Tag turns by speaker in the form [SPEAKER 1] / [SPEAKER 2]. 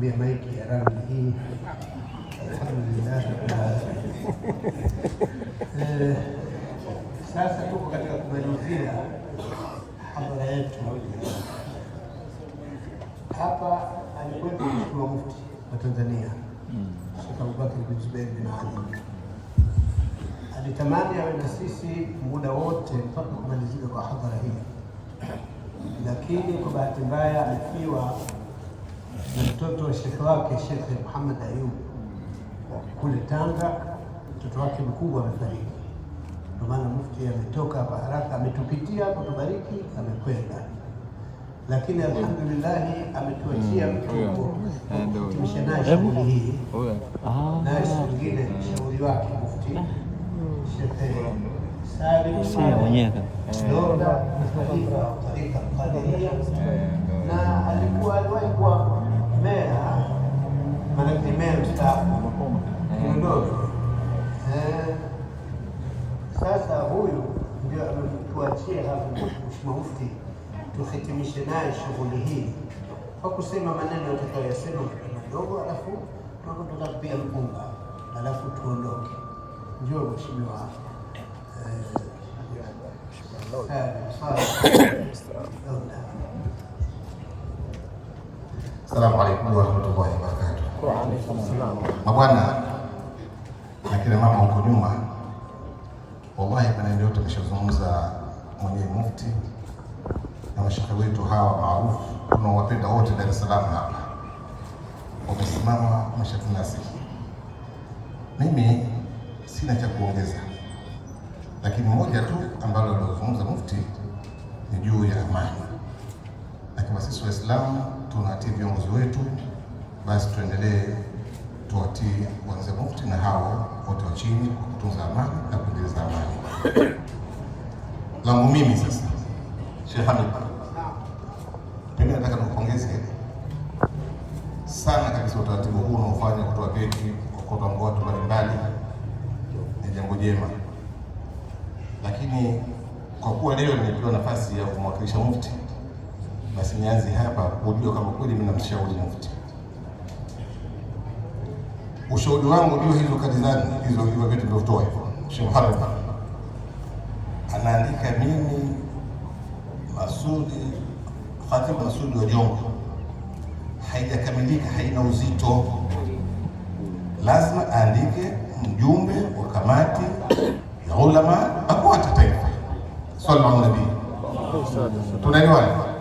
[SPEAKER 1] kutumia maiki ya rangi hii. Alhamdulillah. Eh, sasa tuko katika kumalizia hadhara yetu. Hapa alikuwepo mkuu mufti wa Tanzania Sheikh Abubakar bin Zubeir bin alitamani awe na sisi muda wote mpaka kumalizika kwa hadhara hii, lakini kwa bahati mbaya na mtoto wa shekhe wake Shekhe Muhammad Ayub kule Tanga, mtoto wake mkubwa amefariki. Ndio maana mufti ametoka hapa haraka, ametupitia kutubariki, amekwenda. Lakini alhamdulillah ametuachia mtumisha mm, naye shughuli hii, naye shughuli ah. mshauri wake mufti ah. Shekhe
[SPEAKER 2] Salim
[SPEAKER 1] eh. eh, na alikuwa aliwahi kuwa meya, maanake ni meya mstaafu Kinondoni. Eh, sasa huyu ndio ametuachia hapo Mheshimiwa Mufti, tuhitimishe naye shughuli hii kwa kusema maneno tutayasema madogo, alafu tutakapia mpunga, alafu tuondoke. Njoo Mheshimiwa eh, Asalamu alaykum wa rahmatullahi wa barakatuh.
[SPEAKER 3] Wa
[SPEAKER 1] Mabwana na kile mama huko nyuma, wallahi kuna ndio tumeshazungumza mwenye mufti na mashaka wetu hawa maarufu tunawapenda wote Dar es Salaam hapa wamesimama mashatunasihi. Mimi sina cha kuongeza, lakini moja tu ambalo aliozungumza mufti ni juu ya amani kwa sisi Waislamu tunatii viongozi wetu, basi tuendelee tuwatii kuanzia mufti na hawa wote wa chini kwa kutunza amani na kuendeleza amani. langu mimi sasa, Sheikh Hamid, pengine nataka nikupongeze sana kabisa utaratibu huu unaofanya kutoa vyeti kwa kwa watu mbalimbali ni jambo jema, lakini kwa kuwa leo nimepewa nafasi ya kumwakilisha mufti basi nianze hapa, kujua kama kweli mimi namshauri mufti. Ushauri wangu ndio hizo zangu hizo hizo vitu vilivyotoa hivyo, Sheikh anaandika mimi Masudi Khatibu Masudi wa Jongo haijakamilika, haina uzito, lazima aandike mjumbe wa kamati ya ulama akuata taifa swalla nabii, tunaelewana